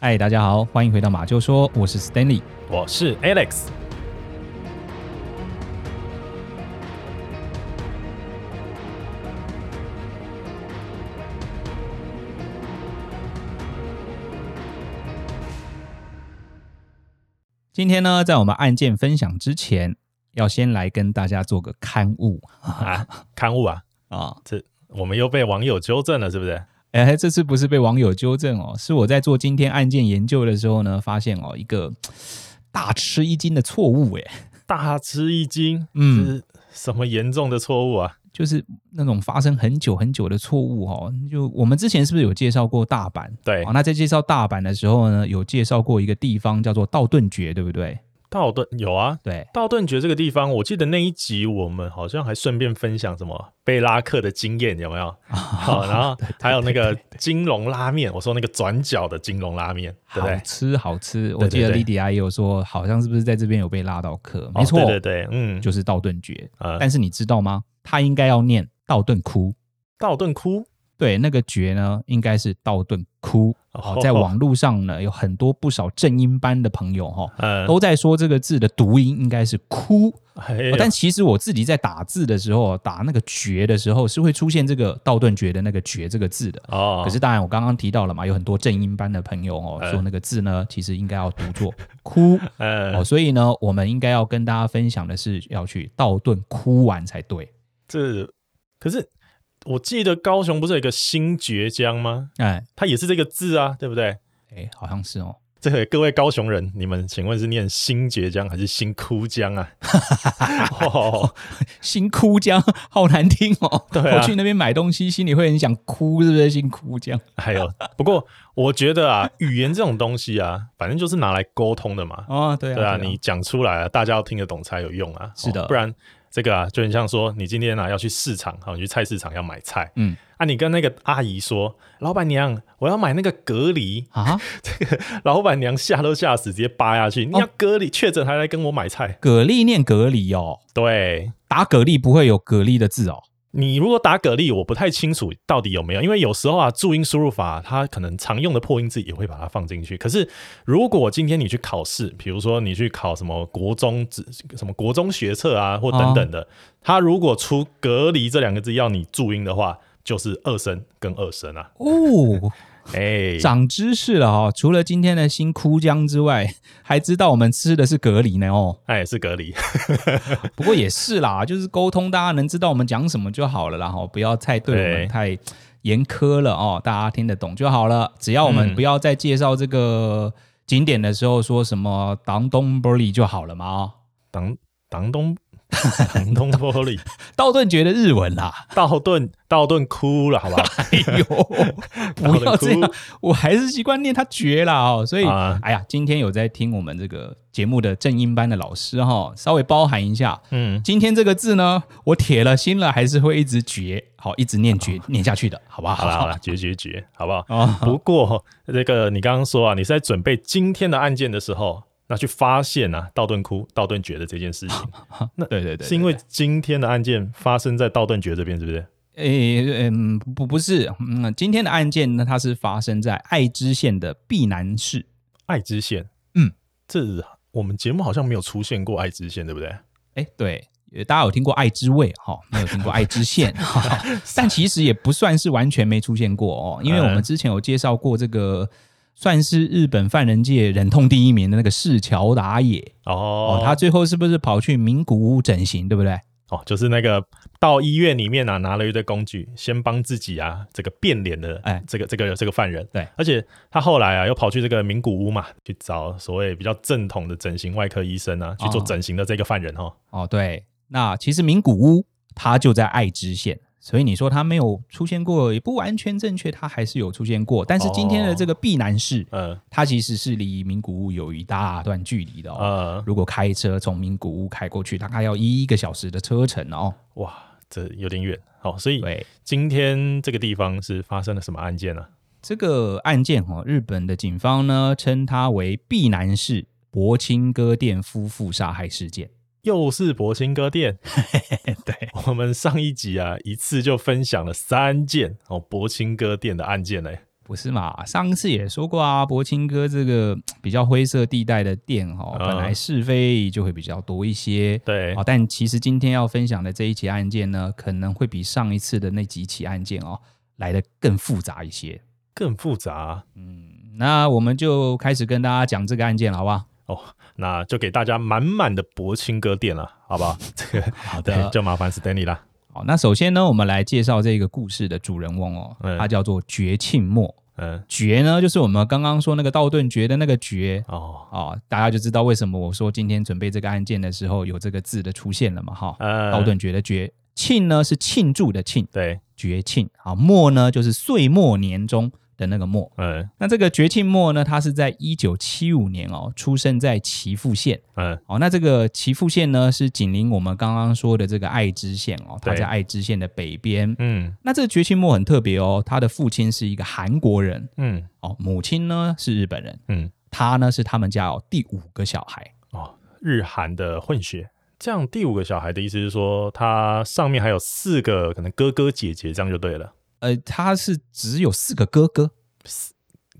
嗨，Hi, 大家好，歡迎回到馬廄說，我是 Stanley，我是 Alex。今天呢，在我們案件分享之前，要先來跟大家做個刊物 啊，刊物啊，啊、哦，這我們又被網友糾正了，是不是？哎、欸，這次不是被網友糾正哦，是我在做今天案件研究的時候呢，發現哦一個大吃一驚的錯誤哎，大吃一驚，嗯，什麼嚴重的錯誤啊、嗯？就是那種發生很久很久的錯誤哦。就我們之前是不是有介紹過大阪？對，哦，那在介紹大阪的時候呢，有介紹過一個地方叫做道頓堀，對不對？道頓有啊，對，道頓覺這個地方，我記得那一集我們好像還順便分享什麼被拉客的經驗有沒有？好、 哦，然後還有那個金龍拉麵， 對對對對我說那個轉角的金龍拉麵，好吃好吃。對對對我記得莉迪阿姨也有說，對對對好像是不是在這邊有被拉到客？哦、沒錯、哦，對，對對，嗯，就是道頓覺。嗯、但是你知道嗎？他應該要念道頓窟，道頓窟。對，那個“絕”呢，應該是道頓哭、哦、在網絡上呢，哦、有很多不少正音班的朋友哈、哦，嗯、都在說這個字的讀音應該是哭“哭、哎呀哦”，但其實我自己在打字的時候，打那個“絕”的時候，是會出現這個道頓“絕”的那個“絕”這個字的哦。可是，當然我剛剛提到了嘛，有很多正音班的朋友哦，嗯、說那個字呢，其實應該要讀作“哭、嗯哦”，所以呢，我們應該要跟大家分享的是，要去道頓堀玩才對。這可是。我記得高雄不是有一個新崛江嗎？哎，它也是這個字啊，對不對？哎，好像是哦。這個各位高雄人，你們請問是念新崛江還是新哭江啊？ 哦，哦，新哭江好難聽哦。對啊、啊、我去那邊買東西，心裡會很想哭，是不是？新哭江。還有，不過我覺得啊，語言這種東西啊，反正就是拿來溝通的嘛。哦、對啊，對啊，對啊，你講出來啊、啊、大家要聽得懂才有用啊。是的，哦、不然。這個啊，就很像說，你今天啊要去市場，你去菜市場要買菜，嗯啊，你跟那個阿姨說，老闆娘，我要買那個蛤蜊啊， 這個老闆娘嚇都嚇死，直接扒下去，哦、你要蛤蜊確診還來跟我買菜，蛤蜊念隔離哦，對，打蛤蜊不會有蛤蜊的字哦。你如果打蛤蜊，我不太清楚到底有沒有，因為有時候啊，注音輸入法、啊、它可能常用的破音字也會把它放進去。可是如果今天你去考試，比如說你去考什麼國中、什麼國中學測啊，或等等的，哦、它如果出蛤蜊這兩個字要你注音的話，就是二聲跟二聲啊。哦哎，hey, 長知識了哈、哦！除了今天的新堀江之外，還知道我們吃的是蛤蜊呢哦。那也、hey, 是蛤蜊， 不過也是啦，就是溝通，大家能知道我們講什麼就好了啦哈、哦！不要太對我們太嚴苛了哦，對大家聽得懂就好了。只要我們不要再介紹這個景點的時候說什麼“擋東玻璃”就好了嘛、哦。擋擋東。普通玻璃，道頓覺得日文啦，道頓道頓哭了好不好，好吧？哎呦， 哭不要這樣，我還是習慣念他絕啦、哦。所以，啊、哎呀，今天有在聽我們這個節目的正音班的老師哈、哦，稍微包涵一下。嗯，今天這個字呢，我鐵了心了，還是會一直絕，好，一直念絕念、啊、下去的，好吧？好啦，絕絕絕，好不好？啊，不過這個你剛剛說啊，你是在準備今天的案件的時候。那去發現吶、啊，道頓窟、道頓崛的這件事情， 那對對對，是因為今天的案件發生在道頓崛這邊，對不對？誒、欸，嗯，不不是，嗯，今天的案件呢，它是發生在愛知縣的碧南市。愛知縣，嗯，這我們節目好像沒有出現過愛知縣，對不對？哎、欸，對，大家有聽過愛知味哈、喔，沒有聽過愛知縣， 但其實也不算是完全沒出現過哦、喔，因為我們之前有介紹過這個。算是日本犯人界忍痛第一名的那個市橋達也哦,哦，他最後是不是跑去名古屋整形，對不對？哦，就是那個到醫院裡面啊，拿了一堆工具，先幫自己啊這個變臉的，哎，這個這個、哎這個、這個犯人，對，而且他後來啊又跑去這個名古屋嘛，去找所謂比較正統的整形外科醫生啊去做整形的這個犯人哦，哦,哦對，那其實名古屋他就在愛知縣。所以你說他沒有出現過，也不完全正確，他還是有出現過。但是今天的這個碧南市、哦，呃，它其實是離名古屋有一大段距離的哦。呃、如果開車從名古屋開過去，大概要一個小時的車程哦。哇，這有點遠。好，所以喂，今天這個地方是發生了什麼案件呢？啊？這個案件哦，日本的警方呢稱它為碧南市柏青哥店夫婦殺害事件。又是柏青哥店，嘿嘿嘿，對，我們上一集啊，一次就分享了三件哦，柏青哥店的案件呢、欸，不是嘛？上一次也說過啊，柏青哥這個比較灰色地帶的店哈、哦，嗯、本來是非就會比較多一些。對哦，但其實今天要分享的這一起案件呢，可能會比上一次的那幾起案件哦，來得更複雜一些，更複雜。嗯，那我們就開始跟大家講這個案件了，好不好？哦，oh, 那就給大家滿滿的柏青哥店了，好不好？這 個對好的，就麻煩史丹利啦。好，那首先呢，我們來介紹這個故事的主人翁哦，嗯、他叫做堀慶末。嗯，堀呢就是我們剛剛說那個道頓堀的那個堀哦。哦，大家就知道為什麼我說今天準備這個案件的時候有這個字的出現了嘛哈。嗯，道頓堀的堀慶呢是慶祝的慶，對，堀慶。啊，末呢就是歲末年終。的那個末，嗯，那這個堀慶末呢，他是在一九七五年哦，出生在岐阜縣，嗯，哦，那這個岐阜縣呢，是緊鄰我們剛剛說的這個愛知縣哦，他在愛知縣的北邊，嗯，那這個堀慶末很特別哦，他的父親是一個韓國人，嗯，哦，母親呢是日本人，嗯，他呢是他們家有第五個小孩，哦，日韓的混血，這樣第五個小孩的意思是說，他上面還有四個可能哥哥姐姐，這樣就對了。呃，他是只有四個哥哥，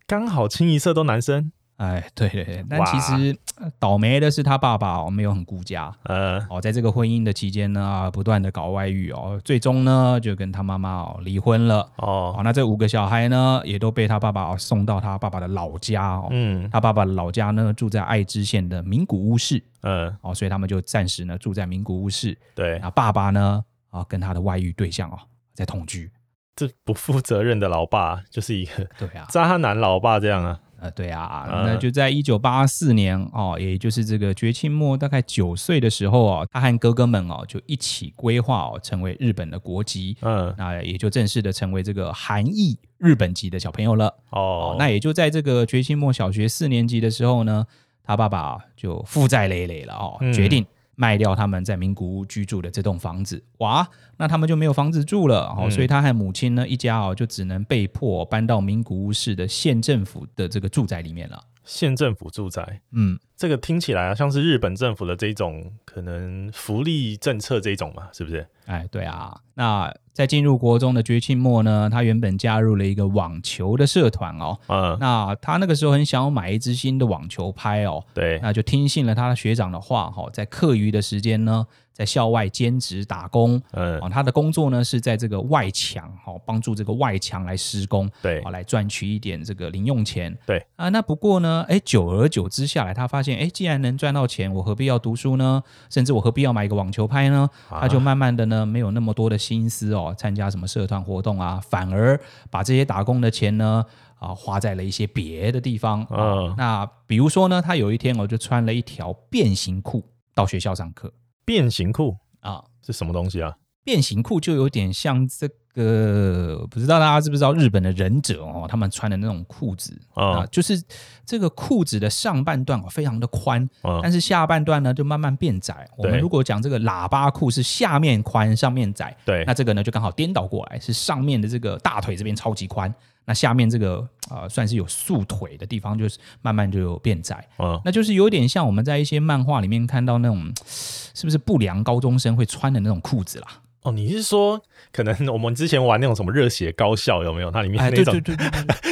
剛好清一色都男生。哎，對對，對，但其實哇倒霉的是他爸爸、哦、沒有很顧家，呃、哦，在這個婚姻的期間呢，啊、不斷的搞外遇哦，最終呢就跟他媽媽、哦、離婚了。哦，哦，那這五個小孩呢，也都被他爸爸、哦、送到他爸爸的老家哦。嗯，他爸爸的老家呢住在愛知縣的名古屋市。嗯、呃，哦，所以他們就暫時呢住在名古屋市。對啊，爸爸，啊，爸爸呢啊跟他的外遇對象哦在同居。這不負責任的老爸就是一個對啊，渣男老爸這樣啊啊、嗯呃、對啊，嗯、那就在一九八四年哦，也就是這個堀慶末大概九歲的時候哦，他和哥哥們哦就一起歸化哦，成為日本的國籍，嗯，那也就正式的成為這個韓裔日本籍的小朋友了哦，哦。那也就在這個堀慶末小學四年級的時候呢，他爸爸就負債累累了哦，嗯、決定。賣掉他們在名古屋居住的這棟房子，哇，那他們就沒有房子住了哦，嗯，所以他和母親呢一家哦就只能被迫搬到名古屋市的縣政府的這個住宅裡面了。縣政府住宅，嗯，這個聽起來啊，像是日本政府的這一種可能福利政策這種嘛，是不是？哎，對啊。那在進入國中的堀慶末呢，他原本加入了一個網球的社團哦，嗯，那他那個時候很想要買一支新的網球拍哦，對，那就聽信了他的學長的話哈，在課餘的時間呢。在校外兼職打工，嗯，他的工作呢，是在這個外牆哈，幫助這個外牆來施工，對，啊，來賺取一點這個零用錢，對，啊，那不過呢，哎，久而久之下來，他發現，哎，既然能賺到錢，我何必要讀書呢？甚至我何必要買一個網球拍呢？他就慢慢的呢，啊、沒有那麼多的心思哦，參加什麼社團活動啊，反而把這些打工的錢呢，啊，花在了一些別的地方啊、嗯。那比如說呢，他有一天我、哦、就穿了一條變形褲到學校上課。變形褲啊，哦、是什麼東西啊？變形褲就有點像這個，不知道大家知不知道日本的忍者哦，他們穿的那種褲子、哦、啊，就是這個褲子的上半段非常的寬，哦，但是下半段呢就慢慢變窄。哦、我們如果講這個喇叭褲是下面寬上面窄，對，那這個呢就剛好顛倒過來，是上面的這個大腿這邊超級寬。那下面這個呃，算是有束腿的地方，就是慢慢就有變窄，嗯，那就是有點像我們在一些漫畫裡面看到那種，是不是不良高中生會穿的那種褲子啦？哦、你是說，可能我們之前玩那種什麼熱血高校有沒有？它裡面那種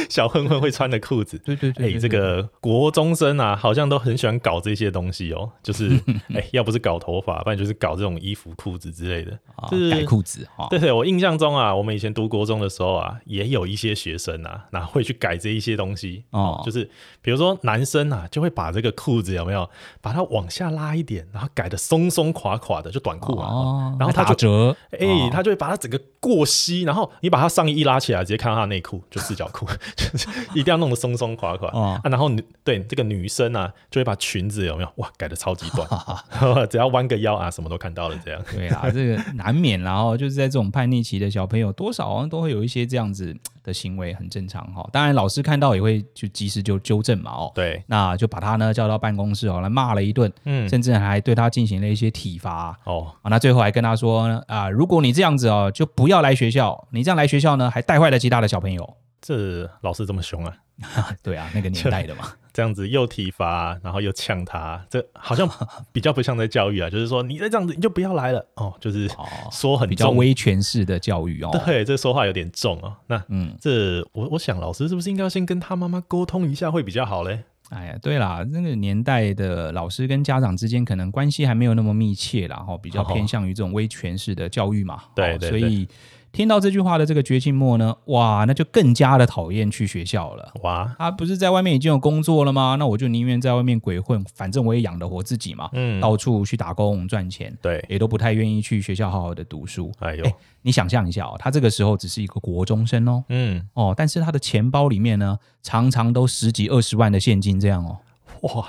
小混混會穿的褲子，對對對，對對對。欸、這個國中生啊，好像都很喜歡搞這些東西哦。就是，哎、 欸，要不是搞頭髮，不然就是搞這種衣服、褲子之類的。就是、啊、改褲子。這、啊、是我印象中啊，我們以前讀國中的時候啊，也有一些學生啊，那會去改這一些東西哦，嗯啊、就是，比如說男生啊，就會把這個褲子有沒有，把它往下拉一點，然後改得鬆鬆垮垮的，就短褲啊。啊然後他就。啊哎、欸，他就會把他整個過膝。哦、然後你把他上衣一拉起來，直接看到他的內褲，就四角褲，就是 一定要弄得鬆鬆垮垮啊。然後你對這個女生啊，就會把裙子有沒有哇改得超級短，哈哈哈哈 只要彎個腰啊，什麼都看到了這樣。對啊，這個難免、哦，然後 就是在這種叛逆期的小朋友，多少啊都會有一些這樣子。的行為很正常哈、哦，當然老師看到也會就及時就糾正嘛哦，對，那就把他呢叫到辦公室哦來罵了一頓，嗯，甚至還對他進行了一些體罰哦、啊，那最後還跟他說啊、呃，如果你這樣子哦，就不要來學校，你這樣來學校呢，還帶壞了其他的小朋友，這老師這麼兇啊？ 對啊，那個年代的嘛。這樣子又體罰，然後又嗆他，這好像比較不像在教育啊， 就是說你再這樣子你就不要來了哦，就是說很、哦、比較威權式的教育哦。對，這說話有點重哦。那嗯，這我我想老師是不是應該先跟他媽媽溝通一下會比較好嘞？哎呀，對啦，那個年代的老師跟家長之間可能關係還沒有那麼密切啦，然、哦、後比較偏向於這種威權式的教育嘛。對，所以。聽到這句話的這個堀慶末呢，哇，那就更加的討厭去學校了。哇，他、啊、不是在外面已經有工作了嗎？那我就寧願在外面鬼混，反正我也養得活自己嘛。嗯，到處去打工賺錢，對，也都不太願意去學校好好的讀書。哎呦，呦、欸，你想象一下哦、喔，他這個時候只是一個國中生哦、喔，嗯，哦、喔，但是他的錢包裡面呢，常常都十幾二十萬的現金這樣哦、喔。哇，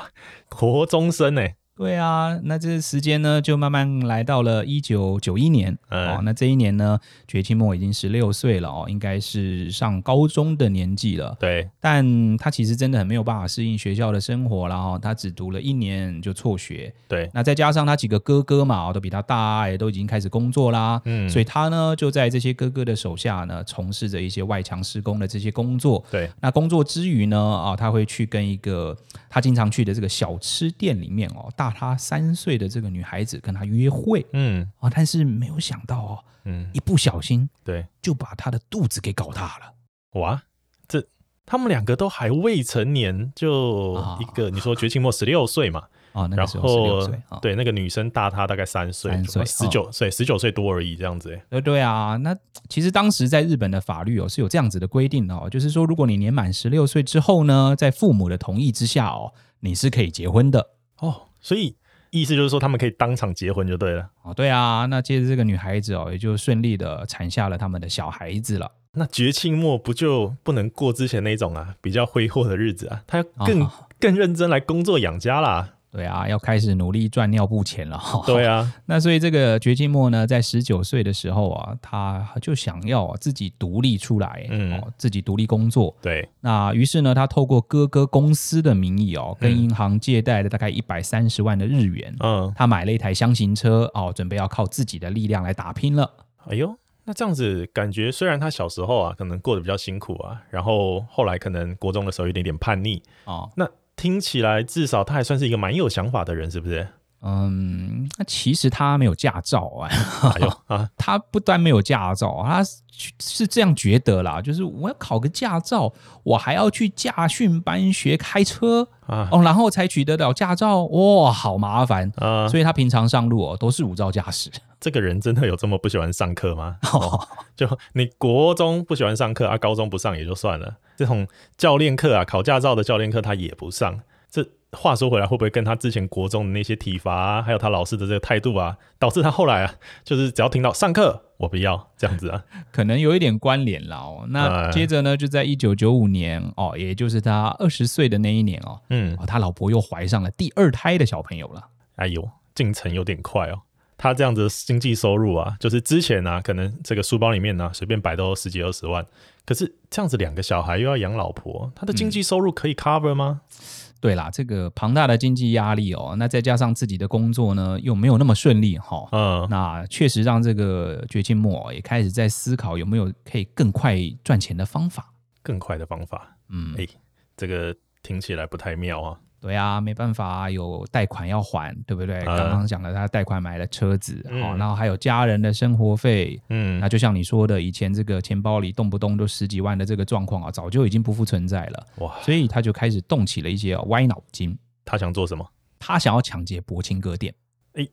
國中生哎、欸。對啊，那這時間呢，就慢慢來到了一九九一年、嗯、哦。那這一年呢，堀慶末已經十六歲了哦，應該是上高中的年紀了。對，但他其實真的很沒有辦法適應學校的生活啦、哦，然後他只讀了一年就輟學。對，那再加上他幾個哥哥嘛，都比他大，也都已經開始工作啦。嗯，所以他呢就在這些哥哥的手下呢，從事着一些外牆施工的這些工作。對，那工作之餘呢啊、哦，他會去跟一個他經常去的這個小吃店裡面哦大大他三歲的這個女孩子跟他約會，嗯啊、哦，但是沒有想到哦，嗯，一不小心對就把他的肚子給搞大了。哇，這他們兩個都還未成年，就一個、啊、你說堀慶末十六歲嘛，啊，那個時候十六歲，後啊、對，那個女生大他大概三歲，三歲，十九、啊、歲，十九歲多而已，這樣子哎，對，對啊，那其實當時在日本的法律哦是有這樣子的規定哦，就是說如果你年滿十六歲之後呢，在父母的同意之下哦，你是可以結婚的哦。所以意思就是說，他們可以當場結婚就對了。哦，對啊，那接着這個女孩子哦，也就順利的產下了他們的小孩子了。那堀慶末不就不能過之前那種啊比較揮霍的日子啊？他更、哦、更認真來工作養家啦。對啊，要開始努力賺尿布錢了，哦。對啊，那所以這個堀慶末呢，在十九歲的時候啊，他就想要自己獨立出來，嗯、哦，自己獨立工作。對，那於是呢，他透過哥哥公司的名義哦，跟銀行借貸了大概一百三十萬的日元。嗯，嗯，他買了一台箱型車哦，準備要靠自己的力量來打拼了。哎呦，那這樣子感覺，雖然他小時候啊，可能過得比較辛苦啊，然後後來可能國中的時候有點點叛逆啊，嗯、那。聽起來，至少他還算是一個蠻有想法的人，是不是？嗯，那其實他沒有駕照啊，哎、啊他不但沒有駕照，他是這樣覺得啦，就是我要考個駕照，我還要去駕訓班學開車啊，哦，然後才取得到駕照，哇、哦，好麻煩啊，所以他平常上路哦都是無照駕駛。這個人真的有這麼不喜歡上課嗎？就你國中不喜歡上課啊，高中不上也就算了，這種教練課啊，考駕照的教練課他也不上。話說回來，會不會跟他之前國中的那些體罰、啊，還有他老師的這個態度啊，導致他後來啊，就是只要聽到上課，我不要這樣子啊，可能有一點關聯了。哦，那接着呢，就在一九九五年哦，也就是他二十歲的那一年哦，嗯哦，他老婆又懷上了第二胎的小朋友了。哎呦，進程有點快哦。他這樣子的經濟收入啊，就是之前呢、啊，可能這個書包裡面呢、啊、隨便擺都十幾二十萬，可是這樣子兩個小孩又要養老婆，他的經濟收入可以 cover 嗎？嗯對啦，這個龐大的經濟壓力哦，那再加上自己的工作呢，又沒有那麼順利哈、哦，嗯，那確實讓這個堀慶末、哦、也開始在思考有沒有可以更快賺錢的方法，更快的方法，嗯，哎，這個聽起來不太妙啊。對啊，沒辦法，有貸款要還，對不對？嗯、剛剛講了，他貸款買了車子、嗯哦，然後還有家人的生活費，嗯，那就像你說的，以前這個錢包裡動不動都十幾萬的這個狀況啊，早就已經不復存在了，哇！所以他就開始動起了一些歪腦筋。他想做什麼？他想要搶劫柏青哥店。哎，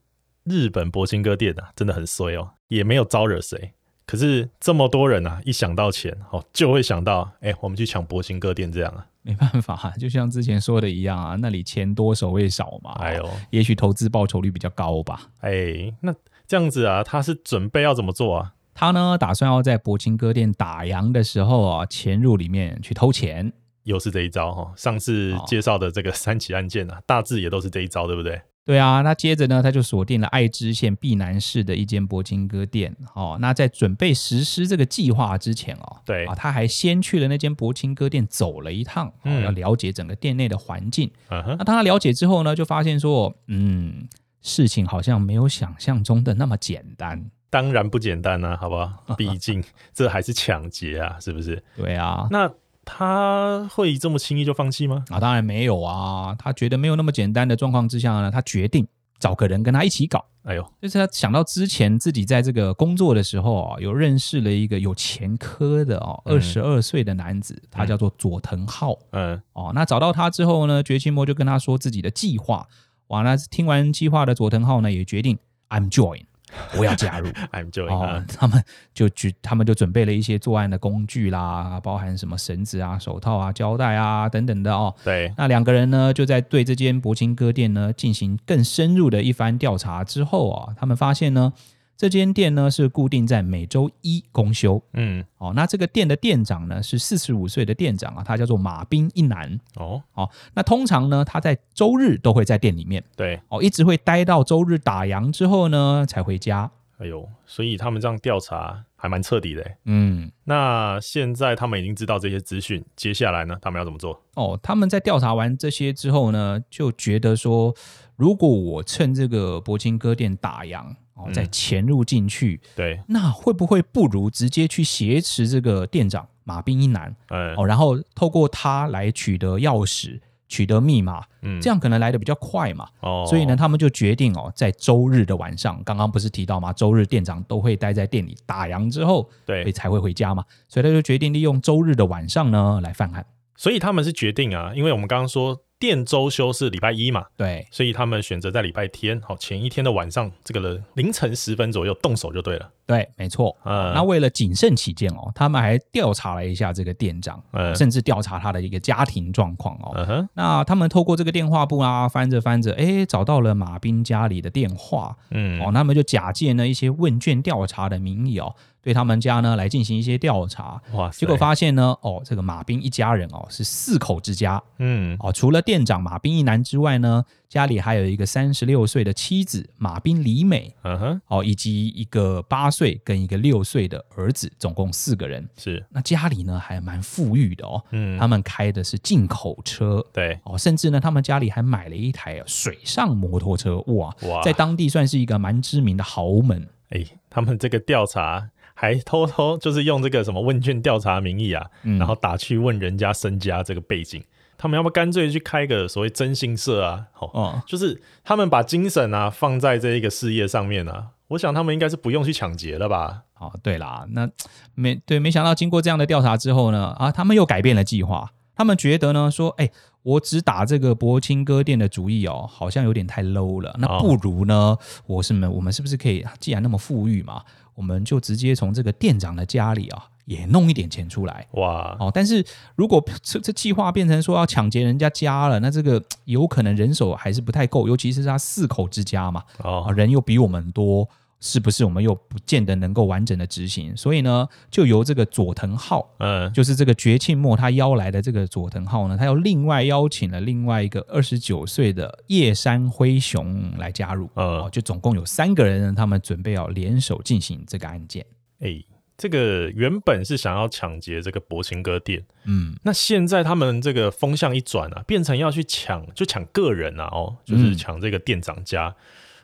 日本柏青哥店啊，真的很衰哦，也沒有招惹誰，可是這麼多人啊，一想到錢，哦、就會想到，哎，我們去搶柏青哥店這樣啊。沒辦法，就像之前說的一樣啊，那裡錢多守衛少嘛。哎呦，也許投資報酬率比較高吧。哎，那這樣子啊，他是準備要怎麼做啊？他呢，打算要在柏青哥店打烊的時候啊，潛入裡面去偷錢。又是這一招哈、哦，上次介紹的這個三起案件呢、啊，大致也都是這一招，對不對？哦對啊，那接着呢，他就鎖定了愛知縣碧南市的一間柏青哥店。哦，那在準備實施這個計劃之前哦，對啊，他還先去了那間柏青哥店走了一趟，嗯，要了解整個店內的環境。啊、哼那當他了解之後呢，就發現說，嗯，事情好像沒有想象中的那麼簡單。當然不簡單啊，好不好？畢竟這還是搶劫啊， 是不是？對啊，那。他會這麼輕易就放棄嗎？啊，當然沒有啊！他覺得沒有那麼簡單的狀況之下呢，他決定找個人跟他一起搞。哎呦，就是他想到之前自己在這個工作的時候啊，有認識了一個有前科的哦，二十二歲的男子，嗯、他叫做佐藤浩。嗯，嗯哦，那找到他之後呢，堀慶末就跟他說自己的計劃。哇，那聽完計劃的佐藤浩呢，也決定 I'm join。不要加入。 enjoying 哦、他們就就他們就準備了一些作案的工具啦，包含什麼繩子啊、手套啊、膠帶啊等等的哦。對，那兩個人呢，就在對這間柏青哥店呢進行更深入的一番調查之後啊、哦，他們發現呢。這間店呢是固定在每週一公休，嗯，哦，那這個店的店長呢是四十五歲的店長啊，他叫做馬兵一男，哦，好、哦，那通常呢他在週日都會在店裡面，對，哦，一直會待到週日打烊之後呢才回家，哎呦，所以他們這樣調查還蠻徹底的，嗯，那現在他們已經知道這些資訊，接下來呢他們要怎麼做？哦，他們在調查完這些之後呢，就覺得說，如果我趁這個柏青哥店打烊。哦，再潛入進去、嗯，對，那會不會不如直接去挾持這個店長馬兵一男？嗯、哦，然後透過他來取得鑰匙，取得密碼，嗯，這樣可能來得比較快嘛。哦，所以呢，他們就決定哦，在周日的晚上，剛剛不是提到嗎？周日店長都會待在店裡，打烊之後，對，所以才會回家嘛。所以他就決定利用周日的晚上呢來犯案。所以他們是決定啊，因為我們剛剛說。店周休是禮拜一嘛？對，所以他們選擇在禮拜天，好前一天的晚上，這個凌晨十分左右動手就對了。對，沒錯啊。嗯、那為了謹慎起見哦，他們還調查了一下這個店長，嗯、甚至調查他的一個家庭狀況哦。嗯、那他們透過這個電話簿啊，翻着翻着，哎、欸，找到了馬斌家裡的電話。嗯，哦，他們就假借呢一些問卷調查的名義哦，對他們家呢來進行一些調查。哇塞，結果發現呢，哦，這個馬斌一家人哦是四口之家。嗯，哦，除了店。店長馬兵一男之外呢，家裡還有一個三十六歲的妻子馬兵李美，嗯哼、uh，huh. 哦，以及一個八歲跟一個六歲的兒子，總共四個人。是，那家裡呢還蠻富裕的哦，嗯，他們開的是進口車，對，哦，甚至呢他們家裡還買了一台水上摩托車，哇，哇，在當地算是一個蠻知名的豪門。哎，他們這個調查還偷偷就是用這個什麼問卷調查名義啊，嗯、然後打去問人家身家這個背景。他們要不乾脆去開個所謂徵信社啊，好、哦，嗯、就是他們把精神啊放在這一個事業上面啊，我想他們應該是不用去搶劫了吧？好、哦，對啦，那沒對，沒想到經過這樣的調查之後呢，啊，他們又改變了計劃，他們覺得呢，說，哎、欸，我只打這個柏青哥店的主意哦，好像有點太 low 了，那不如呢，哦、我是麼，我們是不是可以，既然那麼富裕嘛，我們就直接從這個店長的家裡啊、哦。也弄一點錢出來哇！哦，但是如果這這計劃變成說要搶劫人家家了，那這個有可能人手還是不太夠，尤其是他四口之家嘛，哦，人又比我們多，是不是？我們又不見得能夠完整的執行。所以呢，就由這個佐藤浩，嗯，就是這個堀慶末他邀來的這個佐藤浩呢，他又另外邀請了另外一個二十九歲的葉山灰熊來加入，呃、嗯哦，就總共有三個人呢，他們準備要聯手進行這個案件，誒、哎。這個原本是想要搶劫這個柏青哥店，嗯，那現在他們這個風向一轉啊，變成要去搶，就搶個人啊，哦，就是搶這個店長家，嗯、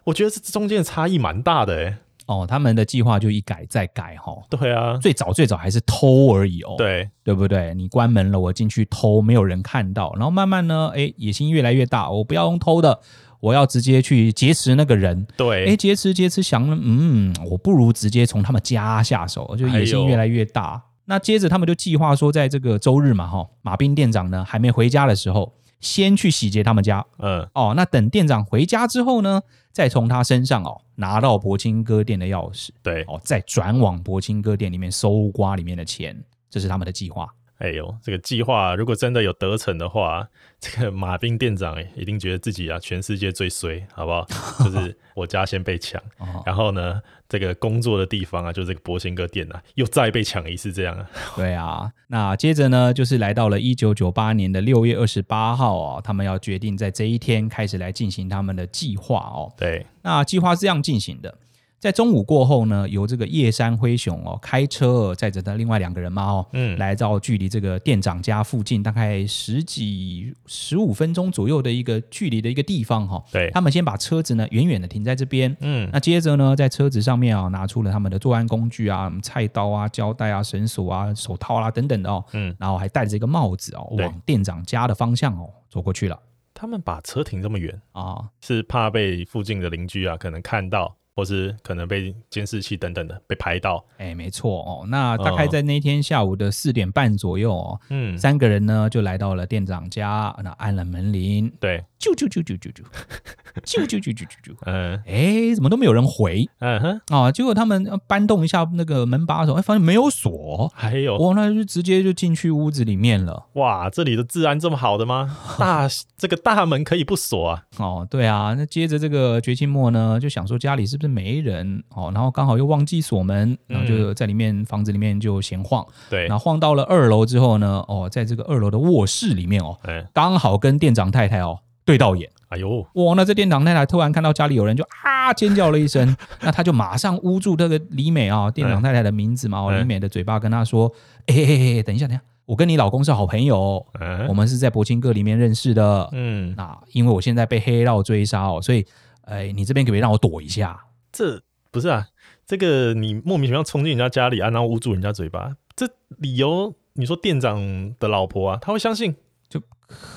我覺得這中間的差異蠻大的哎、欸，哦，他們的計劃就一改再改哈、哦，對啊，最早最早還是偷而已哦，對，對不對？你關門了，我進去偷，沒有人看到，然後慢慢呢，哎，野心越來越大，我不要用偷的。我要直接去劫持那個人。對誒，劫持劫持想，嗯，我不如直接從他們家下手，就野心越來越大。哎、呦那接着他們就計劃說，在這個周日嘛，哈，馬斌店長呢還沒回家的時候，先去洗劫他們家。嗯，哦，那等店長回家之後呢，再從他身上哦拿到柏青哥店的鑰匙。對，哦，再轉往柏青哥店裡面搜刮裡面的錢，這是他們的計劃。哎呦，這個計劃、啊、如果真的有得逞的話，這個馬兵店長哎，一定覺得自己啊全世界最衰，好不好？就是我家先被搶， 然後呢，這個工作的地方啊，就這個柏青哥店啊，又再被搶一次這樣、啊。 對啊，那接着呢，就是來到了一九九八年的六月二十八號哦，他們要決定在這一天開始來進行他們的計劃哦。對，那計劃是這樣進行的。在中午過後呢，由這個夜山灰熊哦開車載着他另外兩個人嘛哦，嗯，來到距離這個店長家附近大概十幾十五分鐘左右的一個距離的一個地方哈、哦，對，他們先把車子呢遠遠的停在這邊，嗯，那接着呢在車子上面啊、哦、拿出了他們的作案工具啊，菜刀啊、膠帶啊、繩索啊、手套啊等等的哦，嗯，然後還戴着一個帽子哦，往店長家的方向哦對走過去了。他們把車停這麼遠啊，是怕被附近的鄰居啊可能看到。或是可能被監視器等等的被拍到，哎、欸，沒錯哦。那大概在那天下午的四點半左右哦，嗯，三個人呢就來到了店長家，那按了門鈴，對。就就就就就就就就就就就就嗯哎，怎麼都沒有人回嗯啊，結果他們搬動一下那個門把手，哎，發現沒有鎖，還有哦，那就直接就進去屋子裡面了哇！這裡的治安這麼好的嗎？大這個大門可以不鎖啊？哦，對啊，那接着這個堀慶末呢，就想說家裡是不是沒人哦？然後剛好又忘記鎖門，然後就在裡面房子裡面就閒晃，對，那晃到了二樓之後呢，哦，在這個二樓的臥室裡面哦，剛好跟店長太太哦。對到眼，哎呦，哇！那這店長太太突然看到家裡有人，就啊尖叫了一聲。 那他就馬上捂住這個李美啊、哦，店長太太的名字嘛，嗯、李美的嘴巴跟她說：“哎哎哎，等一下，等一下，我跟你老公是好朋友，嗯、我們是在柏青哥裡面認識的。嗯，啊，因為我現在被黑道追殺、哦，所以，哎、欸，你這邊可不可以讓我躲一下？這不是啊，這個你莫名其妙衝進人家家裡啊，然後捂住人家嘴巴，這理由你說店長的老婆啊，他會相信？”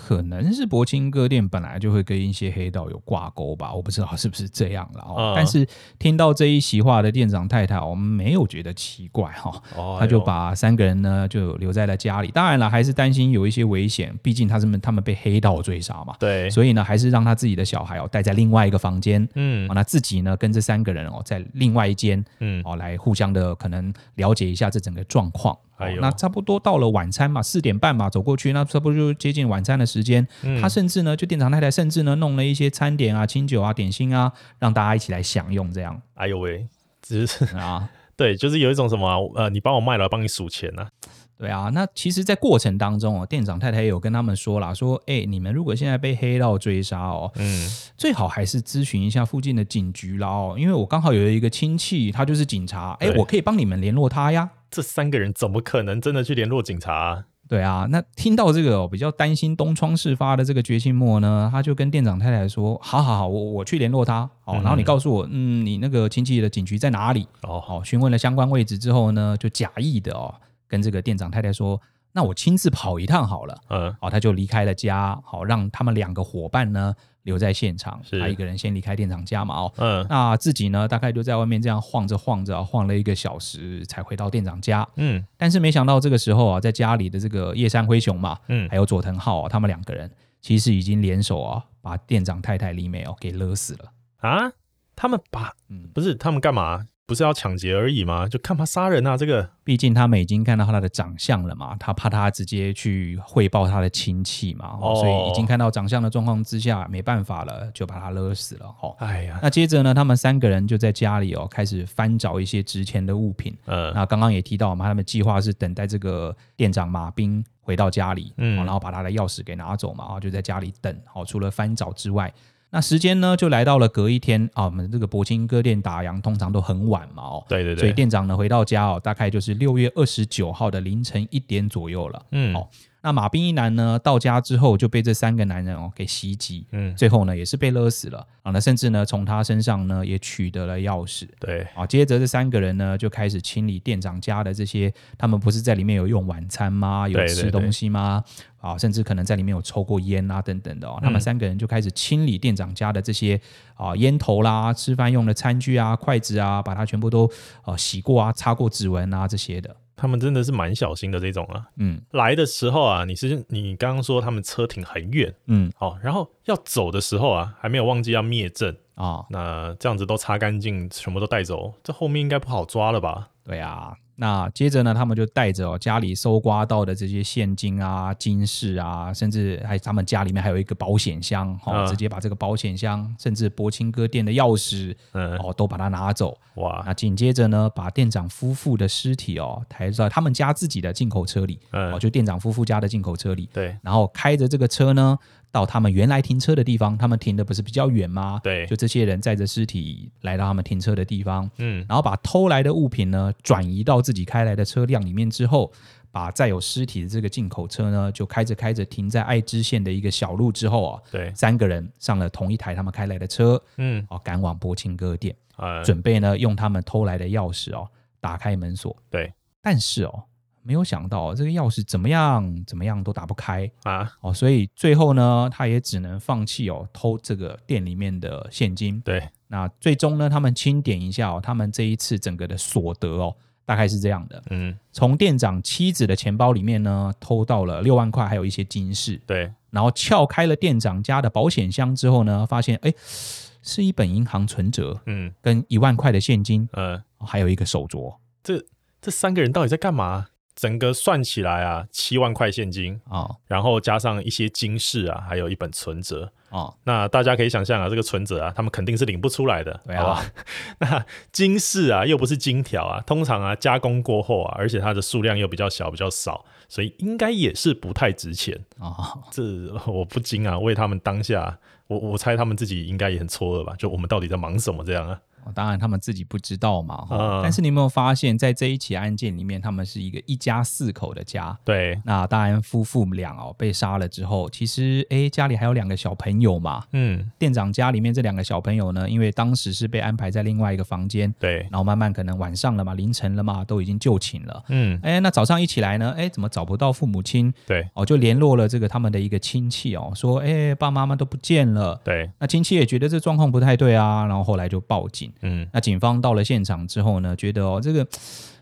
可能是柏青哥店本來就會跟一些黑道有掛鈎吧我不知道是不是這樣了、喔。嗯、但是聽到這一席話的店長太太、喔，我們沒有覺得奇怪哈、喔。哦，哎、他就把三個人呢就留在了家裡。當然了，還是擔心有一些危險，畢竟他是他們被黑道追殺嘛。對，所以呢，還是讓他自己的小孩哦、喔、待在另外一個房間。嗯、喔，那自己呢跟這三個人哦、喔、在另外一間、喔，嗯，哦來互相的可能了解一下這整個狀況。哎哦、那差不多到了晚餐嘛，四點半嘛，走過去，那差不多就接近晚餐的時間。嗯、他甚至呢，就店長太太甚至呢，弄了一些餐點啊、清酒啊、點心啊，讓大家一起來享用。這樣，哎呦喂，就是、嗯、啊， 對，就是有一種什麼呃，你幫我賣了，幫你數錢呢、啊。對啊，那其實，在過程當中哦、喔，店長太太也有跟他們說啦，說，哎、欸，你們如果現在被黑道追殺哦、喔，嗯，最好還是諮詢一下附近的警局啦、喔。哦，因為我剛好有一個親戚，他就是警察，哎對、欸，我可以幫你們聯絡他呀。這三個人怎麼可能真的去聯絡警察、啊？對啊，那聽到這個哦、喔，比較擔心東窗事發的這個堀慶末呢，他就跟店長太太說，好好好,好，我我去聯絡他，好，然後你告訴我，嗯,嗯,嗯，你那個親戚的警局在哪裡？哦，好，詢問了相關位置之後呢，就假意的哦、喔。跟這個店長太太說，那我親自跑一趟好了。嗯，好、哦，他就離開了家，好、哦，讓他們兩個夥伴呢留在現場。是他一個人先離開店長家嘛，哦，嗯，那自己呢，大概就在外面這樣晃着晃着、啊，晃了一個小時才回到店長家。嗯，但是沒想到這個時候啊，在家裡的這個葉山灰熊嘛，嗯，還有佐藤浩、哦，他們兩個人其實已經聯手啊，把店長太太李美哦給勒死了啊。他們把，不是他們幹嘛？嗯不是要搶劫而已嗎？就看怕殺人啊！這個，畢竟他們已經看到他的長相了嘛，他怕他直接去匯報他的親戚嘛，哦、所以已經看到長相的狀況之下，沒辦法了，就把他勒死了。哦、哎呀，那接着呢，他們三個人就在家裡哦，開始翻找一些值錢的物品。嗯、那剛剛也提到嘛，他們計劃是等待這個店長馬斌回到家裡，嗯，然後把他的鑰匙給拿走嘛，啊、哦，就在家裡等、哦。除了翻找之外。那時間呢，就來到了隔一天啊，我、哦、們這個柏青哥店打烊通常都很晚嘛，哦，對對對，所以店長呢回到家哦，大概就是六月二十九號的凌晨一點左右了，嗯，哦。那馬兵一男呢，到家之後就被這三個男人哦給襲擊，嗯，最後呢也是被勒死了啊。那甚至呢從他身上呢也取得了鑰匙，對啊。接着這三個人呢就開始清理店長家的這些，他們不是在裡面有用晚餐嗎？有吃東西嗎？對對對啊，甚至可能在裡面有抽過煙啊等等的哦。嗯，他們三個人就開始清理店長家的這些啊煙頭啦、吃飯用的餐具啊、筷子啊，把它全部都啊洗過啊、擦過指紋啊這些的。他們真的是蠻小心的這種啊，嗯，來的時候啊，你是你剛剛說他們車停很遠，嗯，好、哦，然後要走的時候啊，還沒有忘記要滅證啊，哦、那這樣子都擦乾淨，什麼都帶走，這後面應該不好抓了吧？對呀、啊。那接着呢，他們就帶着、哦、家裡搜刮到的這些現金啊、金飾啊，甚至還他們家裡面還有一個保險箱，哈、哦，啊、直接把這個保險箱，甚至柏青哥店的鑰匙，嗯、哦，都把它拿走。哇！那緊接着呢，把店長夫婦的屍體哦抬到他們家自己的進口車裡，嗯、哦，就店長夫婦家的進口車裡，對，嗯、然後開着這個車呢。到他們原來停車的地方，他們停的不是比較遠嗎？對，就這些人載着屍體來到他們停車的地方，嗯，然後把偷來的物品呢轉移到自己開來的車輛裡面之後，把載有屍體的這個進口車呢就開着開着停在愛知縣的一個小路之後啊，對，三個人上了同一台他們開來的車，嗯，哦，趕往柏青哥店，嗯、準備呢用他們偷來的鑰匙哦打開門鎖，對，但是哦。沒有想到、哦、這個鑰匙怎麼樣怎麼樣都打不開啊！哦，所以最後呢，他也只能放棄哦，偷這個店裡面的現金。對，那最終呢，他們清點一下哦，他們這一次整個的所得哦，大概是這樣的。嗯，從店長妻子的錢包裡面呢，偷到了六萬塊，還有一些金飾。對，然後撬開了店長家的保險箱之後呢，發現哎，是一本銀行存摺，嗯，跟一萬塊的現金，嗯，嗯，還有一個手鐲。這這三個人到底在幹嘛？整個算起來啊，七萬塊現金啊，哦、然後加上一些金飾啊，還有一本存摺啊。哦、那大家可以想象啊，這個存摺啊，他們肯定是領不出來的啊。哦、 那金飾啊，又不是金條啊，通常啊加工過後啊，而且它的數量又比較小比較少，所以應該也是不太值錢啊。哦、這我不禁啊為他們當下、啊，我我猜他們自己應該也很錯愕吧？就我們到底在忙什麼這樣啊？當然，他們自己不知道嘛，哈。但是你有沒有發現，在這一起案件裡面，他們是一個一家四口的家。對。那當然夫婦倆哦被殺了之後，其實哎，家裡還有兩個小朋友嘛。嗯。店長家裡面這兩個小朋友呢，因為當時是被安排在另外一個房間。對。然後慢慢可能晚上了嘛，凌晨了嘛，都已經就寢了。嗯。哎，那早上一起來呢，哎，怎麼找不到父母親？對。哦，就聯絡了這個他們的一個親戚哦，說哎，爸爸媽媽都不見了。對。那親戚也覺得這狀況不太對啊，然後後來就報警。嗯，那警方到了現場之後呢，覺得哦，這個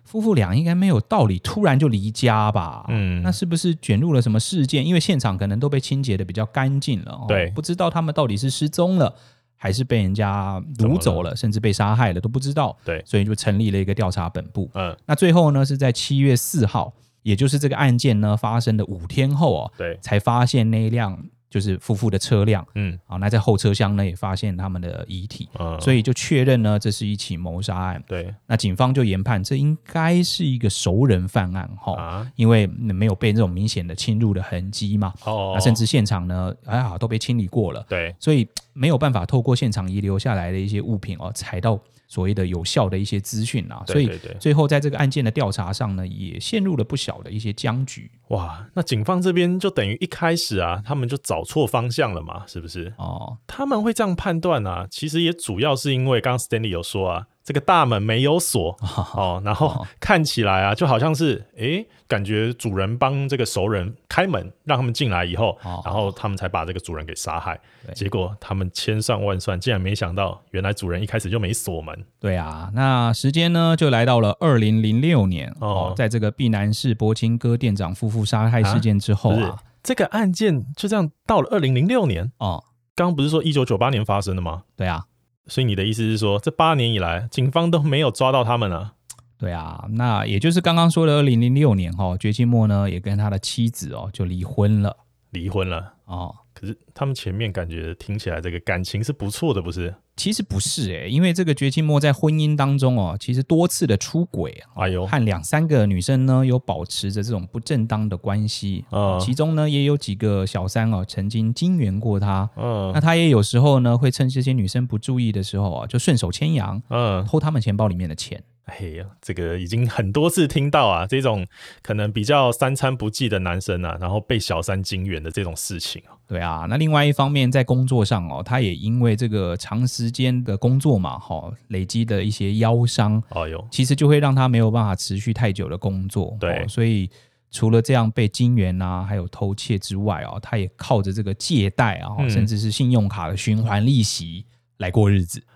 夫婦倆應該沒有道理突然就離家吧。嗯，那是不是捲入了什麼事件？因為現場可能都被清潔的比較乾淨了哦。對，不知道他們到底是失蹤了，還是被人家擄走了，了甚至被殺害了，都不知道。對，所以就成立了一個調查本部。嗯，那最後呢，是在七月四號，也就是這個案件呢發生的五天後哦，對，才發現那一輛。就是夫婦的車輛，嗯，好、哦，那在後車廂內發現他們的遺體，嗯、所以就確認呢，這是一起謀殺案。對，那警方就研判這應該是一個熟人犯案，哈，啊、因為沒有被這種明顯的侵入的痕跡嘛，哦，哦，哦，那甚至現場呢還好、哎、都被清理過了，對，所以沒有辦法透過現場遺留下來的一些物品哦，採到所謂的有效的一些資訊啊，所以最後在這個案件的調查上呢，也陷入了不小的一些僵局。哇，那警方這邊就等於一開始啊，他們就找錯方向了嘛，是不是？哦，oh. 他們會這樣判斷啊，其實也主要是因為剛 Stanley 有說啊，這個大門沒有鎖、oh. 哦，然後看起來啊，oh. 就好像是，哎、欸，感覺主人幫這個熟人開門，讓他們進來以後，oh. 然後他們才把這個主人給殺害。Oh. 結果他們千算萬算，竟然沒想到，原來主人一開始就沒鎖門。對啊，那時間呢，就來到了二零零六年、oh. 哦，在這個碧南市柏青哥店長夫婦殺害事件之後啊，啊，這個案件就這樣到了二零零六年哦。剛剛、嗯、不是說一九九八年發生的嗎？對啊，所以你的意思是說，這八年以來警方都沒有抓到他們了？對啊，那也就是剛剛說的二零零六年哈，堀慶末呢也跟他的妻子哦就離婚了，離婚了哦。嗯他們前面感覺聽起來這個感情是不錯的，不是？其實不是哎、欸，因為這個堀慶末在婚姻當中哦、啊，其實多次的出軌、啊、哎呦，和兩三個女生呢有保持着這種不正當的關係啊。呃、其中呢也有幾個小三哦、啊，曾經金援過他。嗯、呃，那他也有時候呢會趁這些女生不注意的時候啊，就順手牽羊，嗯、呃，偷他們錢包裡面的錢。哎呀，這個已經很多次聽到啊，這種可能比較三餐不繼的男生啊，然後被小三金援的這種事情哦。對啊，那另外一方面在工作上哦，他也因為這個長時間的工作嘛，哈、哦，累積的一些腰傷，哎、呦其實就會讓他沒有辦法持續太久的工作。對、哦，所以除了這樣被金援啊，還有偷竊之外哦，他也靠着這個借貸啊、哦，嗯、甚至是信用卡的循環利息來過日子。嗯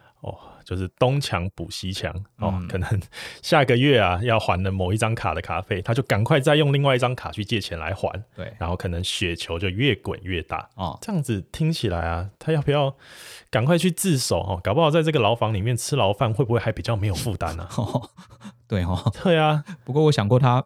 就是東牆補西牆哦，嗯、可能下個月啊要還的某一張卡的卡費，他就趕快再用另外一張卡去借錢來還，對，然後可能雪球就越滾越大哦。這樣子聽起來啊，他要不要趕快去自首哦？搞不好在這個牢房裡面吃牢飯，會不會還比較沒有負擔呢？對哈、哦，對啊。不過我想過他。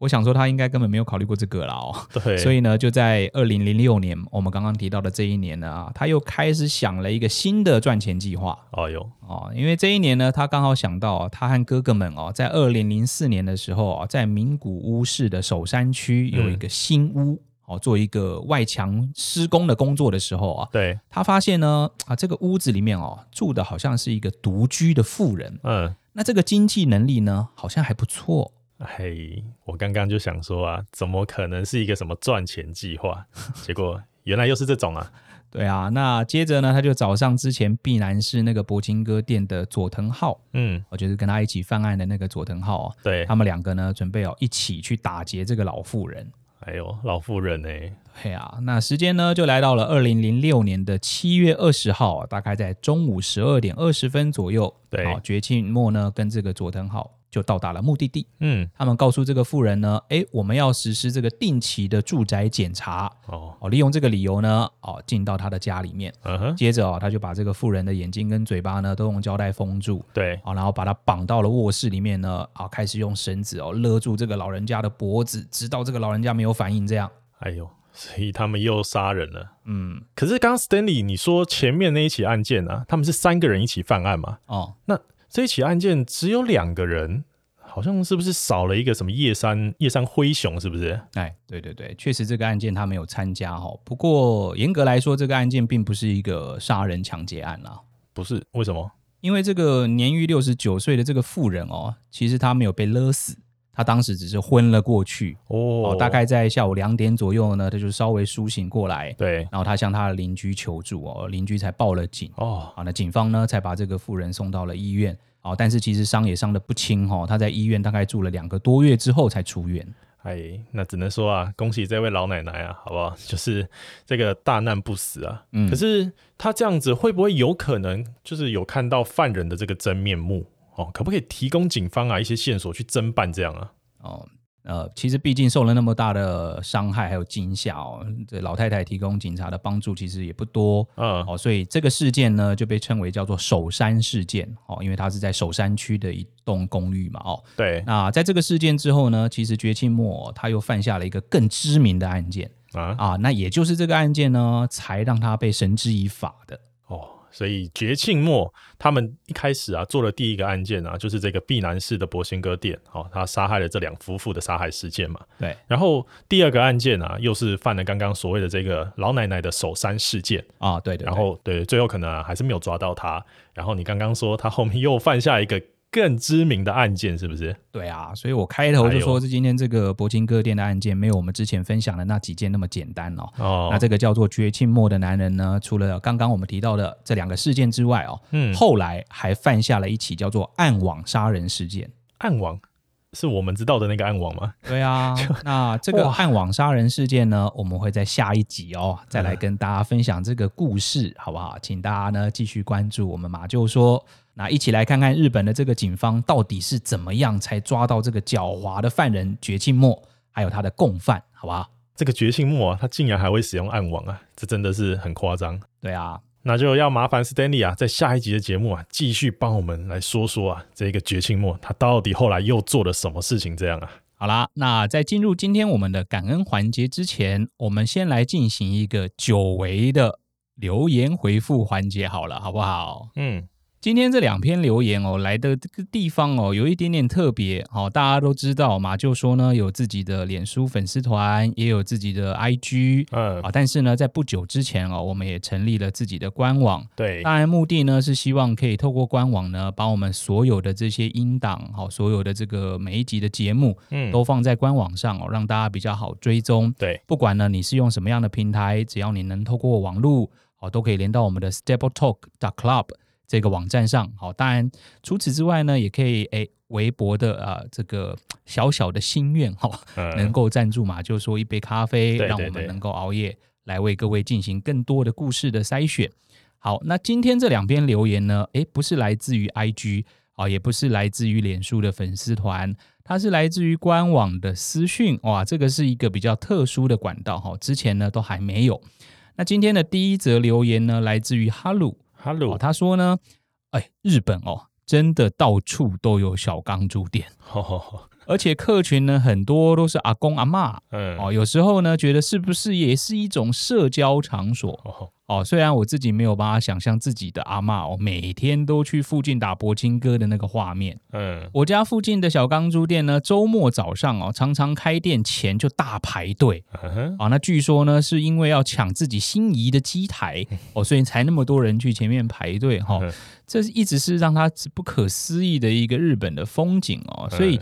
我想說，他應該根本沒有考慮過這個了哦對。所以呢，就在二零零六年，我們剛剛提到的這一年呢啊，他又開始想了一個新的賺錢計劃、哦、呦因為這一年呢，他剛好想到，他和哥哥們哦，在二零零四年的時候啊，在名古屋市的守山區有一個新屋哦，嗯、做一個外牆施工的工作的時候啊，對他發現呢啊，這個屋子裡面哦，住的好像是一個獨居的富人，嗯，那這個經濟能力呢，好像還不錯。哎，我剛剛就想說啊，怎麼可能是一個什麼賺錢計劃？結果原來又是這種啊。 對啊，那接着呢，他就找上之前碧南市那個柏青哥店的佐藤浩，嗯，我就是跟他一起犯案的那個佐藤浩。對，他們兩個呢，準備要、哦、一起去打劫這個老婦人。哎呦，老婦人哎、欸。對啊，那時間呢就來到了二零零六年的七月二十號，大概在中午十二點二十分左右。對好，堀慶末呢，跟這個佐藤浩。就到達了目的地。嗯，他們告訴這個婦人呢，哎，我們要實施這個定期的住宅檢查。哦，哦，利用這個理由呢，哦，進到他的家裡面。嗯哼。接着啊、哦，他就把這個婦人的眼睛跟嘴巴呢，都用膠帶封住。對。哦，然後把他綁到了臥室裡面呢，啊、哦，開始用繩子哦勒住這個老人家的脖子，直到這個老人家沒有反應。這樣。哎呦，所以他們又殺人了。嗯。可是剛剛 Stanley，你說前面那一起案件啊，他們是三個人一起犯案嘛？哦，那。這起案件只有兩個人，好像是不是少了一個什麼葉山葉山灰熊？是不是？哎，對對對，確實這個案件他沒有參加哈、哦。不過嚴格來說，這個案件並不是一個殺人搶劫案啦。不是，為什麼？因為這個年逾六十九歲的這個婦人哦，其實她沒有被勒死。他當時只是昏了過去哦，哦，大概在下午兩點左右呢，他就稍微甦醒過來。對，然後他向他的鄰居求助哦，鄰居才報了警哦。好、哦，那警方呢才把這個婦人送到了醫院。哦，但是其實傷也傷得不輕哦，她在醫院大概住了兩個多月之後才出院。哎，那只能說啊，恭喜這位老奶奶啊，好不好？就是這個大難不死啊。嗯，可是她這樣子會不會有可能就是有看到犯人的這個真面目？哦，可不可以提供警方啊一些線索去偵辦這樣啊？哦，呃，其實畢竟受了那麼大的傷害還有驚嚇哦，這老太太提供警察的幫助其實也不多，嗯，好、哦，所以這個事件呢就被稱為叫做守山事件，哦，因為它是在守山區的一棟公寓嘛，哦，對。那在這個事件之後呢，其實堀慶末、哦、他又犯下了一個更知名的案件、嗯、啊，那也就是這個案件呢才讓他被繩之以法的。所以堀慶末，他們一開始啊做了第一個案件啊，就是這個碧南市的柏青哥店，哦，他殺害了這兩夫婦的殺害事件嘛。對。然後第二個案件啊，又是犯了剛剛所謂的這個老奶奶的守山事件啊、哦。對對、對。然後對，最後可能還是沒有抓到他。然後你剛剛說他後面又犯下一個。更知名的案件是不是？對啊，所以我開頭就說，是今天這個柏青哥店的案件，沒有我們之前分享的那幾件那麼簡單哦。哦，那這個叫做堀慶末的男人呢，除了剛剛我們提到的這兩個事件之外哦，嗯，後來還犯下了一起叫做暗網殺人事件。暗網是我們知道的那個暗網嗎？對啊，就那這個暗網殺人事件呢，哇我們會在下一集哦，再來跟大家分享這個故事，嗯、好不好？請大家呢繼續關注我們馬廄說。那一起來看看日本的這個警方到底是怎麼樣才抓到這個狡猾的犯人堀慶末，還有他的共犯，好不好？這個堀慶末啊，他竟然還會使用暗網啊，這真的是很誇張。對啊，那就要麻煩 Stanley 啊，在下一集的節目啊，繼續幫我們來說說啊，這個堀慶末他到底後來又做了什麼事情？這樣啊。好啦，那在進入今天我們的感恩環節之前，我們先來進行一個久違的留言回復環節，好了，好不好？嗯。今天這兩篇留言哦，來的這個地方哦，有一點點特別。好、哦，大家都知道馬廄說呢，有自己的臉書粉絲團，也有自己的 IG，啊、嗯哦，但是呢，在不久之前哦，我們也成立了自己的官網。當然對目的呢是希望可以透過官網呢，把我們所有的這些音檔，好、哦，所有的這個每一集的節目，嗯、都放在官網上哦，讓大家比較好追蹤。對不管呢你是用什麼樣的平台，只要你能透過網絡，好、哦，都可以連到我們的 stabletalk.club。這個網站上，好，當然除此之外呢，也可以、欸、微博的啊、呃，這個小小的心願哈，哦嗯、能夠贊助嘛，就是說一杯咖啡，讓我們能夠熬夜對對對來為各位進行更多的故事的篩選。好，那今天這兩邊留言呢，哎、欸，不是來自於 IG 啊、哦，也不是來自於臉書的粉絲團，它是來自於官網的私訊哇，這個是一個比較特殊的管道哈、哦，之前呢都還沒有。那今天的第一則留言呢，來自於哈魯。Hello? 哦、他說呢，哎、欸，日本哦，真的到處都有小鋼珠店， 而且客群呢很多都是阿公阿嬤， 哦，有時候呢覺得是不是也是一種社交場所？ 哦，雖然我自己沒有辦法想象自己的阿媽哦，每天都去附近打柏青哥的那個畫面。嗯，我家附近的小鋼珠店呢，周末早上哦，常常開店前就大排隊。啊、嗯哼哦，那據說呢，是因為要搶自己心儀的機台哦，所以才那麼多人去前面排隊哦，嗯、哼這是一直是讓他不可思議的一個日本的風景哦。所以，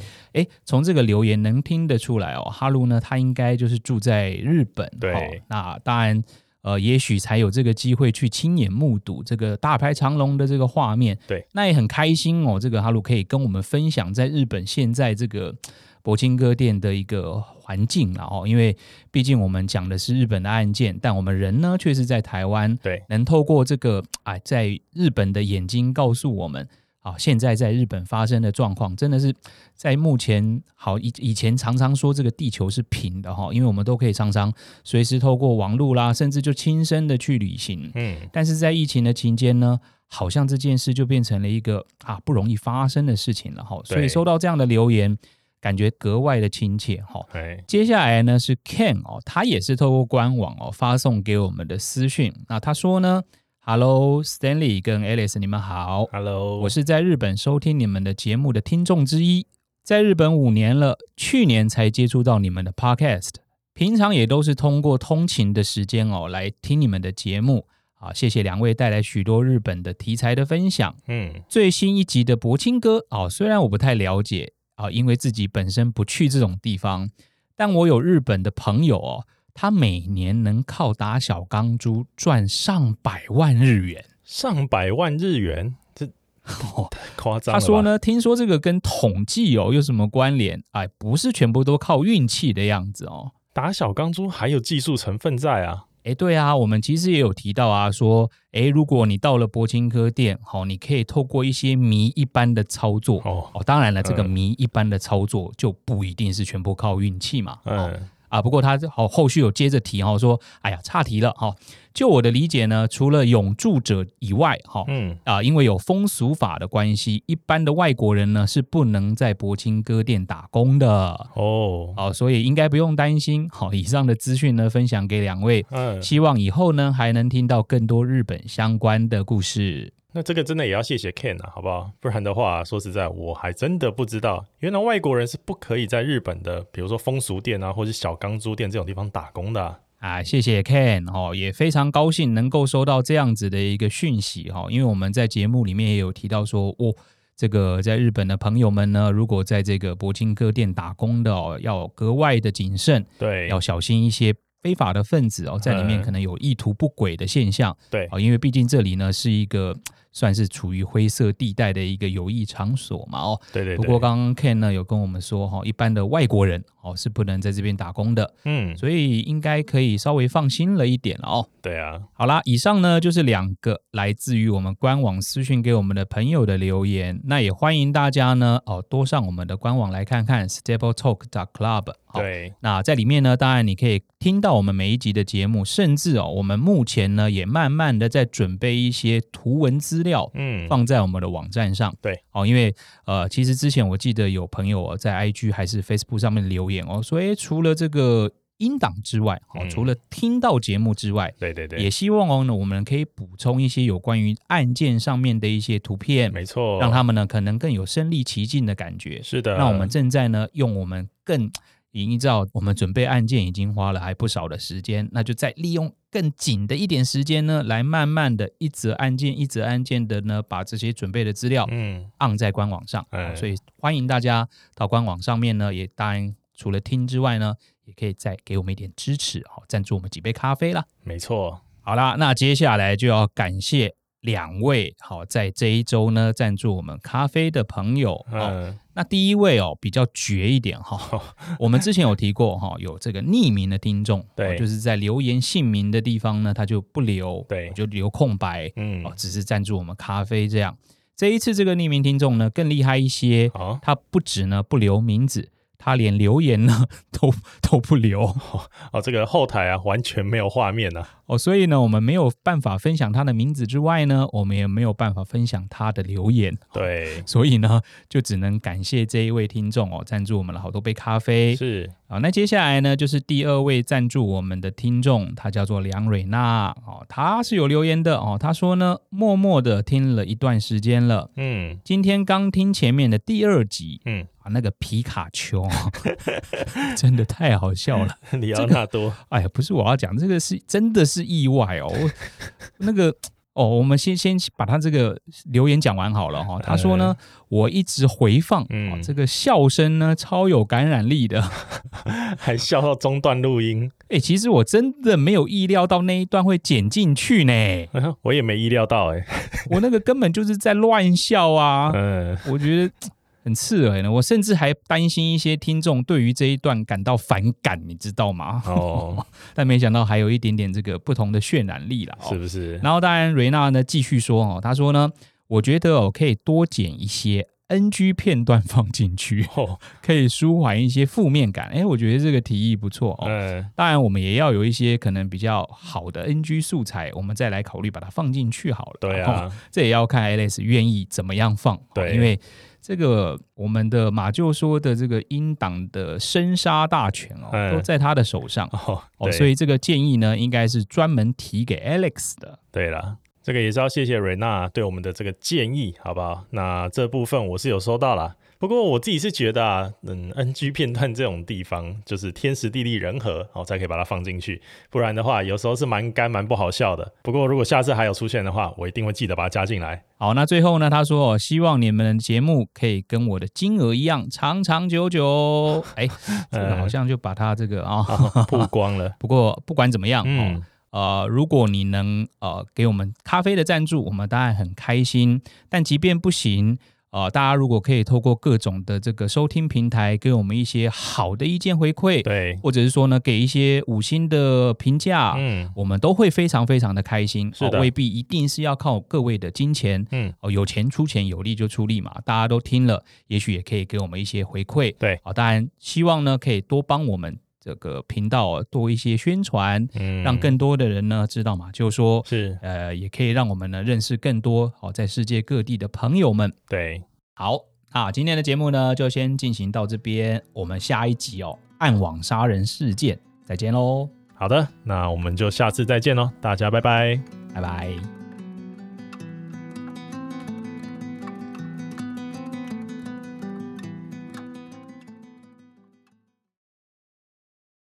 從、嗯欸、這個留言能聽得出來哦，哈魯呢，他應該就是住在日本。對、哦，那當然。呃，也許才有這個機會去親眼目睹這個大排長龍的這個畫面。對，那也很開心哦。這個哈魯可以跟我們分享在日本現在這個柏青哥店的一個環境了哦。因為畢竟我們講的是日本的案件，但我們人呢，卻是在台灣。對，能透過這個哎，在日本的眼睛告訴我們。好，現在在日本發生的狀況，真的是在目前好以以前常常說這個地球是平的哈，因為我們都可以常常隨時透過網絡啦，甚至就親身的去旅行，嗯，但是在疫情的期間呢，好像這件事就變成了一個啊不容易發生的事情了哈，所以收到這樣的留言，對感覺格外的親切哈。對接下來呢是 Ken 哦，他也是透過官網哦發送給我們的私訊，那他說呢。Hello，Stanley 跟 Alice，你們好。Hello，我是在日本收聽你們的節目的聽眾之一，在日本五年了，去年才接觸到你們的 Podcast，平常也都是通過通勤的時間哦來聽你們的節目好、啊，謝謝兩位帶來許多日本的題材的分享。嗯，hmm. 最新一集的柏青哥哦，雖然我不太了解啊，因為自己本身不去這種地方，但我有日本的朋友哦。他每年能靠打小鋼珠賺上百萬日元，上百萬日元，這太誇張了、哦、他說呢，聽說這個跟統計有、哦、有什麼關聯？哎，不是全部都靠運氣的樣子哦，打小鋼珠還有技術成分在啊。哎，對啊，我們其實也有提到啊，說，哎，如果你到了柏青哥店，哦，你可以透過一些謎一般的操作哦。哦，當然了，這個謎一般的操作就不一定是全部靠運氣嘛。嗯。哦啊，不過他好後續有接着提哈，說哎呀差題了哈、哦。就我的理解呢，除了永住者以外哈，哦嗯、啊，因為有風俗法的關係，一般的外國人呢是不能在柏青哥店打工的哦。好、哦，所以應該不用擔心。好、哦，以上的資訊呢分享給兩位，嗯、希望以後呢還能聽到更多日本相關的故事。那這個真的也要謝謝 Ken 啊，好不好？不然的話，說實在，我還真的不知道，原來外國人是不可以在日本的，比如說風俗店啊，或者小鋼珠店這種地方打工的啊，啊。謝謝 Ken 哦，也非常高興能夠收到這樣子的一個訊息哈、哦，因為我們在節目裡面也有提到說，哦，這個在日本的朋友們呢，如果在這個柏青哥店打工的哦，要格外的謹慎，對，要小心一些非法的分子哦，在裡面可能有意圖不軌的現象，嗯、對啊，因為畢竟這裡呢是一個。算是處於灰色地帶的一個遊藝場所嘛？哦，對對對。不過剛剛 Ken 呢有跟我們說哈，一般的外國人哦是不能在這邊打工的，嗯，所以應該可以稍微放心了一點哦。對啊，好啦，以上呢就是兩個來自於我們官網私訊給我們的朋友的留言。那也歡迎大家呢哦多上我們的官網來看看 stabletalk.club。St club，對，那在裡面呢，當然你可以聽到我們每一集的節目，甚至哦我們目前呢也慢慢的在準備一些圖文資。資料嗯放在我們的網站上、嗯、對哦，因為呃其實之前我記得有朋友在 IG 還是 Facebook 上面留言哦所以除了這個音檔之外，哦、嗯、除了聽到節目之外，嗯、對對對，也希望哦呢我們可以補充一些有關於案件上面的一些圖片，沒錯、哦，讓他們呢可能更有身臨其境的感覺。是的，那我們正在呢用我們更營造我們準備案件已經花了還不少的時間，那就再利用。更緊的一點時間呢，來慢慢的一則案件一則案件的呢，把這些準備的資料嗯，按在官網上、嗯啊。所以歡迎大家到官網上面呢，也當然除了聽之外呢，也可以再給我們一點支持，好贊助我們幾杯咖啡啦。沒錯錯，好啦，那接下來就要感謝。兩位好，在這一周呢，贊助我們咖啡的朋友、嗯哦、那第一位哦，比較絕一點哈， 我們之前有提過哈、哦，有這個匿名的聽眾對、哦，就是在留言姓名的地方呢，他就不留，對、哦，就留空白，嗯哦、只是贊助我們咖啡這樣。嗯、這一次這個匿名聽眾呢，更厲害一些，好他不止呢不留名字，他連留言呢都都不留哦，這個後台啊完全沒有畫面呢啊，哦，所以呢我們沒有辦法分享他的名字之外呢，我們也沒有辦法分享他的留言。對，所以呢就只能感謝這一位聽眾哦，贊助我們了好多杯咖啡。是。好、哦、那接下來呢，就是第二位贊助我們的聽眾，他叫做梁瑞娜，哦，他是有留言的，哦，他說呢，默默的聽了一段時間了，嗯，今天剛聽前面的第二集，嗯，啊，那個皮卡丘， 真的太好笑了，你要、嗯、多、這個，哎呀，不是我要講這個是，是真的是意外哦， 那個。哦，我們先先把他這個留言講完好了哈。他說呢，呃、我一直回放，嗯、哦，這個笑聲呢超有感染力的，還笑到中斷錄音。哎、欸，其實我真的沒有意料到那一段會剪進去呢。我也沒意料到、欸，哎，我那個根本就是在亂笑啊。嗯、呃，我覺得。很刺耳呢，我甚至還擔心一些聽眾對於這一段感到反感，你知道嗎？哦， 但沒想到還有一點點這個不同的渲染力了，是不是？然後當然，瑞娜呢繼續說哦，他說呢，我覺得哦可以多剪一些 NG 片段放進去哦， 可以舒緩一些負面感。哎、欸，我覺得這個提議不錯哦。欸、當然我們也要有一些可能比較好的 NG 素材，我們再來考慮把它放進去好了。對啊、哦，這也要看 LS 願意怎麼樣放。對、啊哦，因為。這個我們的馬廄說的這個英黨的生殺大權哦、嗯、都在他的手上哦，哦，所以這個建議呢，應該是專門提給 Alex 的。對了，這個也是要謝謝瑞娜對我們的這個建議，好不好？那這部分我是有收到了。不過我自己是覺得啊，嗯，NG 片段這種地方就是天時地利人和，哦、才可以把它放進去，不然的話有時候是蠻乾蠻不好笑的。不過如果下次還有出現的話，我一定會記得把它加進來。好，那最後呢，他說希望你們的節目可以跟我的金額一樣長長久久。哎、 欸，這個、好像就把它這個啊、 哦、曝光了。不過不管怎麼樣嗯、哦、呃，如果你能呃給我們咖啡的贊助，我們當然很開心。但即便不行。啊、呃，大家如果可以透過各種的這個收聽平台，給我們一些好的意見回饋，對，或者是說呢，給一些五星的評價，嗯，我們都會非常非常的開心。是的、哦、未必一定是要靠各位的金錢，嗯，哦，有錢出錢，有力就出力嘛。大家都聽了，也許也可以給我們一些回饋，對，啊、哦，當然希望呢，可以多幫我們。這個頻道多一些宣傳，嗯、讓更多的人呢知道嘛，就是說，是呃，也可以讓我們呢認識更多好、哦、在世界各地的朋友們。對，好啊，今天的節目呢就先進行到這邊，我們下一集哦，暗網殺人事件，再見嘍。好的，那我們就下次再見嘍，大家拜拜，拜拜。